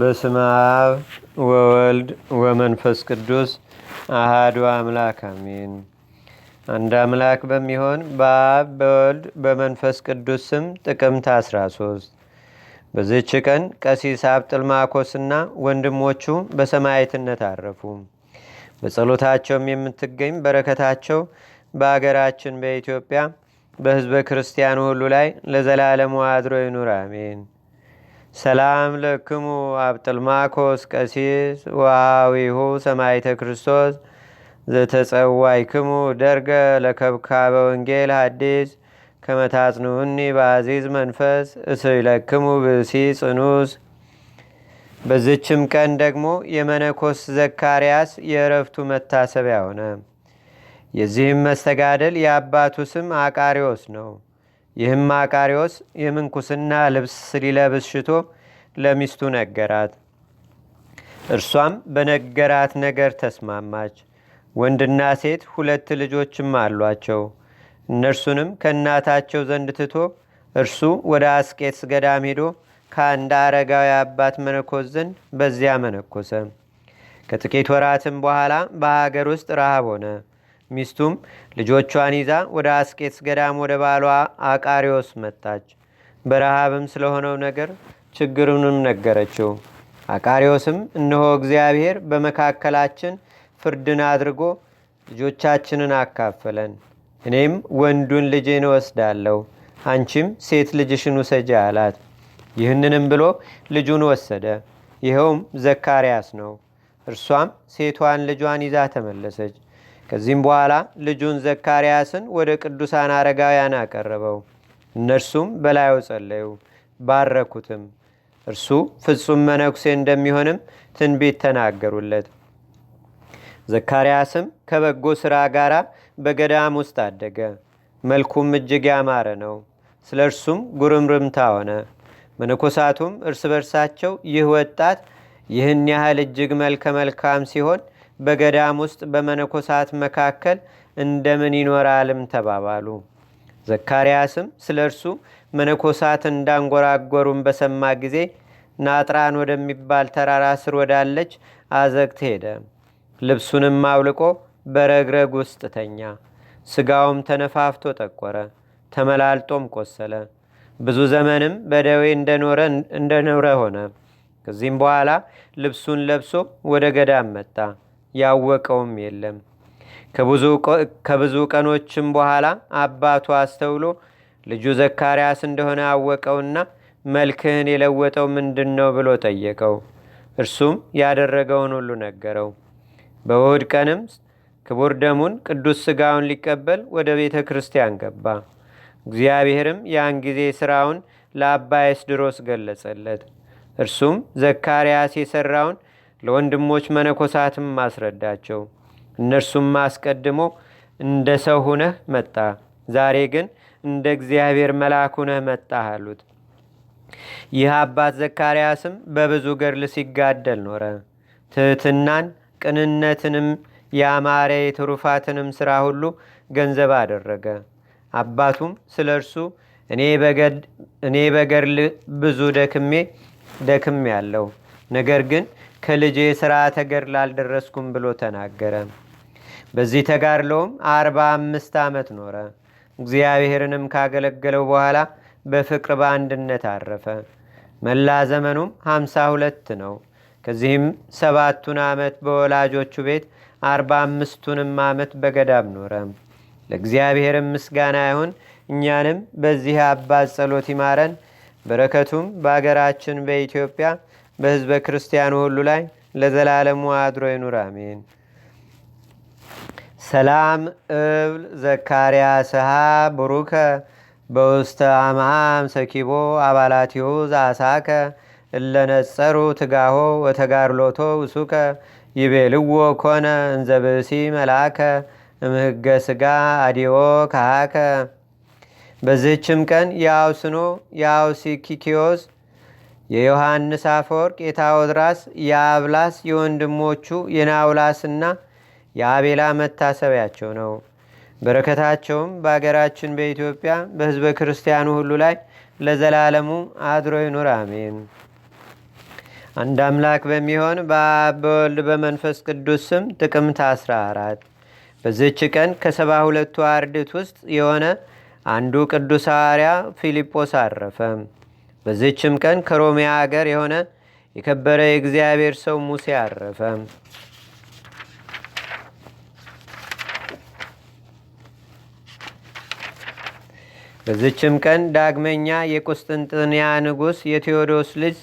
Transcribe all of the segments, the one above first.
በስመ አብ ወወልድ ወመንፈስ ቅዱስ አህዱ አምላክ አሜን። አንድ አምላክ በሚሆን በአብ በወልድ በመንፈስ ቅዱስ ስም ጥቅምት 13 በዝች ቀን ቀሲስ አብጥልማኮስና ወንድሞቹ በሰማይትነት አረፉ። በጸሎታቸውም የምትገኝ በረከታቸው በአገራችን በኢትዮጵያ በህዝበ ክርስቲያኑ ሁሉ ላይ ለዘላለሙ አድሮ ይኑር አሜን። ሰላም ለክሙ አብጥልማኮስ ቀሲስ ዋዊሁ ሰማይተ ክርስቶስ ክሙ ደርገ ለከብካበ ወንጌል ሀዲስ ከመታጽኑኒ በአዚዝ መንፈስ ለክሙ ብሲ ጽኑስ በዝችም ቀን ደግሞ የመነኮስ ዘካርያስ የእረፍቱ መታሰቢያ ሆነ የዚህም መስተጋደል የአባቱ ስም አቃሪዎስ ነው ይህም አቃሪዎስ የምንኩስና ልብስ ሊለብስ ሽቶ ለሚስቱ ነገራት። እርሷም በነገራት ነገር ተስማማች። ወንድና ሴት ሁለት ልጆችም አሏቸው። እነርሱንም ከእናታቸው ዘንድ ትቶ እርሱ ወደ አስቄትስ ገዳም ሄዶ ከአንድ አረጋዊ አባት መነኮስ ዘንድ በዚያ መነኮሰ። ከጥቂት ወራትም በኋላ በሀገር ውስጥ ረሃብ ሆነ። ሚስቱም ልጆቿን ይዛ ወደ አስቄትስ ገዳም ወደ ባሏ አቃሪዎስ መጣች። በረሃብም ስለሆነው ነገር ችግሩንም ነገረችው። አቃሪዎስም እነሆ እግዚአብሔር በመካከላችን ፍርድን አድርጎ ልጆቻችንን አካፈለን፣ እኔም ወንዱን ልጄን ወስዳለሁ፣ አንቺም ሴት ልጅሽን ውሰጂ አላት። ይህንንም ብሎ ልጁን ወሰደ። ይኸውም ዘካርያስ ነው። እርሷም ሴቷን ልጇን ይዛ ተመለሰች። ከዚህም በኋላ ልጁን ዘካርያስን ወደ ቅዱሳን አረጋውያን አቀረበው። እነርሱም በላዩ ጸለዩ፣ ባረኩትም። እርሱ ፍጹም መነኩሴ እንደሚሆንም ትንቢት ተናገሩለት። ዘካርያስም ከበጎ ሥራ ጋር በገዳም ውስጥ አደገ። መልኩም እጅግ ያማረ ነው። ስለ እርሱም ጉርምርምታ ሆነ። መነኮሳቱም እርስ በርሳቸው ይህ ወጣት ይህን ያህል እጅግ መልከ መልካም ሲሆን በገዳም ውስጥ በመነኮሳት መካከል እንደምን ይኖራልም ተባባሉ። ዘካርያስም ስለ እርሱ መነኮሳት እንዳንጎራጎሩን በሰማ ጊዜ ናጥራን ወደሚባል ተራራ ስር ወዳለች አዘግት ሄደ። ልብሱንም አውልቆ በረግረግ ውስጥ ተኛ። ስጋውም ተነፋፍቶ ጠቆረ፣ ተመላልጦም ቆሰለ። ብዙ ዘመንም በደዌ እንደኖረ ሆነ። ከዚህም በኋላ ልብሱን ለብሶ ወደ ገዳም መጣ። ያወቀውም የለም። ከብዙ ቀኖችም በኋላ አባቱ አስተውሎ ልጁ ዘካርያስ እንደሆነ አወቀውና መልክህን የለወጠው ምንድን ነው ብሎ ጠየቀው። እርሱም ያደረገውን ሁሉ ነገረው። በእሁድ ቀንም ክቡር ደሙን ቅዱስ ስጋውን ሊቀበል ወደ ቤተ ክርስቲያን ገባ። እግዚአብሔርም ያን ጊዜ ሥራውን ለአባ ኤስድሮስ ገለጸለት። እርሱም ዘካርያስ የሠራውን ለወንድሞች መነኮሳትም አስረዳቸው። እነርሱም አስቀድሞ እንደ ሰው ሁነህ መጣ፣ ዛሬ ግን እንደ እግዚአብሔር መልአክ ሁነህ መጣህ አሉት። ይህ አባት ዘካርያስም በብዙ ገድል ሲጋደል ኖረ። ትህትናን፣ ቅንነትንም የአማረ የትሩፋትንም ሥራ ሁሉ ገንዘብ አደረገ። አባቱም ስለ እርሱ እኔ በገድል ብዙ ደክሜ ደክም ያለው ነገር ግን ከልጄ ስርዓተ ገድል አልደረስኩም ብሎ ተናገረ። በዚህ ተጋድሎም አርባ አምስት ዓመት ኖረ። እግዚአብሔርንም ካገለገለው በኋላ በፍቅር በአንድነት አረፈ። መላ ዘመኑም ሀምሳ ሁለት ነው። ከዚህም ሰባቱን ዓመት በወላጆቹ ቤት አርባ አምስቱንም ዓመት በገዳም ኖረ። ለእግዚአብሔርም ምስጋና ይሁን። እኛንም በዚህ አባት ጸሎት ይማረን። በረከቱም በአገራችን በኢትዮጵያ በህዝበ ክርስቲያኑ ሁሉ ላይ ለዘላለሙ አድሮ ይኑር አሜን። ሰላም እብል ዘካርያስሃ ቡሩከ በውስተ አምአም ሰኪቦ አባላቲሁ ዛሳከ እለነጸሩ ትጋሆ ወተጋርሎቶ ውሱከ ይቤልዎ ኮነ እንዘ ብእሲ መላከ እምህገ ስጋ አዲዮ ካሃከ። በዚህችም ቀን የአውስኖ የአውሲኪኪዮስ የዮሐንስ አፈወርቅ የታዎድራስ የአብላስ የወንድሞቹ የናውላስና የአቤላ መታሰቢያቸው ነው በረከታቸውም በአገራችን በኢትዮጵያ በህዝበ ክርስቲያኑ ሁሉ ላይ ለዘላለሙ አድሮ ይኑር አሜን አንድ አምላክ በሚሆን በአብ በወልድ በመንፈስ ቅዱስ ስም ጥቅምት 14 በዚህች ቀን ከሰባ ሁለቱ አርድት ውስጥ የሆነ አንዱ ቅዱስ ሐዋርያ ፊልጶስ አረፈ በዚህችም ቀን ከሮሚያ አገር የሆነ የከበረ የእግዚአብሔር ሰው ሙሴ አረፈ። በዚችም ቀን ዳግመኛ የቁስጥንጥንያ ንጉሥ የቴዎዶስ ልጅ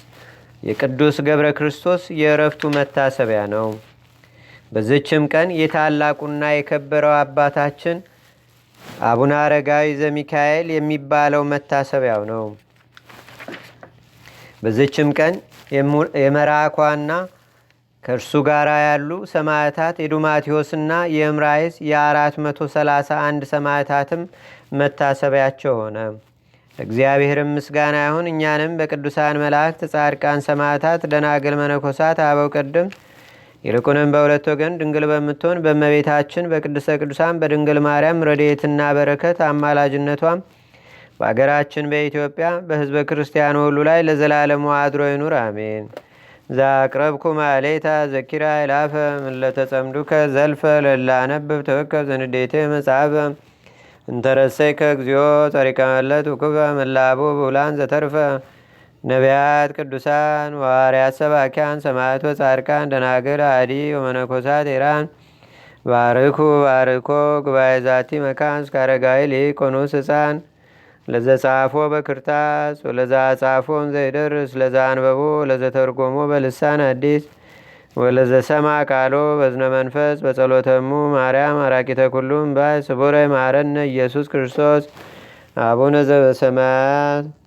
የቅዱስ ገብረ ክርስቶስ የእረፍቱ መታሰቢያ ነው። በዚችም ቀን የታላቁና የከበረው አባታችን አቡነ አረጋዊ ዘሚካኤል የሚባለው መታሰቢያው ነው። በዘችም ቀን የመራኳና ከእርሱ ጋር ያሉ ሰማዕታት የዱማቴዎስና የእምራይስ የ431 ሰማዕታትም መታሰቢያቸው ሆነ። እግዚአብሔርም ምስጋና ይሁን። እኛንም በቅዱሳን መላእክት፣ ጻድቃን፣ ሰማዕታት፣ ደናግል፣ መነኮሳት፣ አበው ቅድም ይልቁንም በሁለት ወገን ድንግል በምትሆን በመቤታችን በቅዱሰ ቅዱሳን በድንግል ማርያም ረድኤትና በረከት አማላጅነቷም በአገራችን በኢትዮጵያ በህዝበ ክርስቲያን ሁሉ ላይ ለዘላለሙ አድሮ ይኑር፣ አሜን። ዛቅረብኩ ማሌታ ዘኪራ ይላፈ ምለተጸምዱከ ዘልፈ ለላነብብ ተወከብ ዘንዴቴ መጽሐፈ እንተረሰይ ከእግዚኦ ጸሪቀ መለት ውክበ መላቡ ብውላን ዘተርፈ ነቢያት፣ ቅዱሳን፣ ዋርያት፣ ሰባኪያን፣ ሰማያት ጻድቃን፣ ደናግል፣ አዲ ወመነኮሳት ኢራን ባርኩ ባርኮ ጉባኤ ዛቲ መካን እስከ ሊቆኑስ ህፃን ጻፎ በክርታስ ወለዛ ጻፎን ዘይደርስ ለዛ አንበቦ ተርጎሞ በልሳን አዲስ ሰማ ቃሎ በዝነ መንፈስ በጸሎተሙ ማርያም አራቂተ ኩሉም ባይ ስቡረይ ማረነ ኢየሱስ ክርስቶስ አቡነ ዘበሰማያት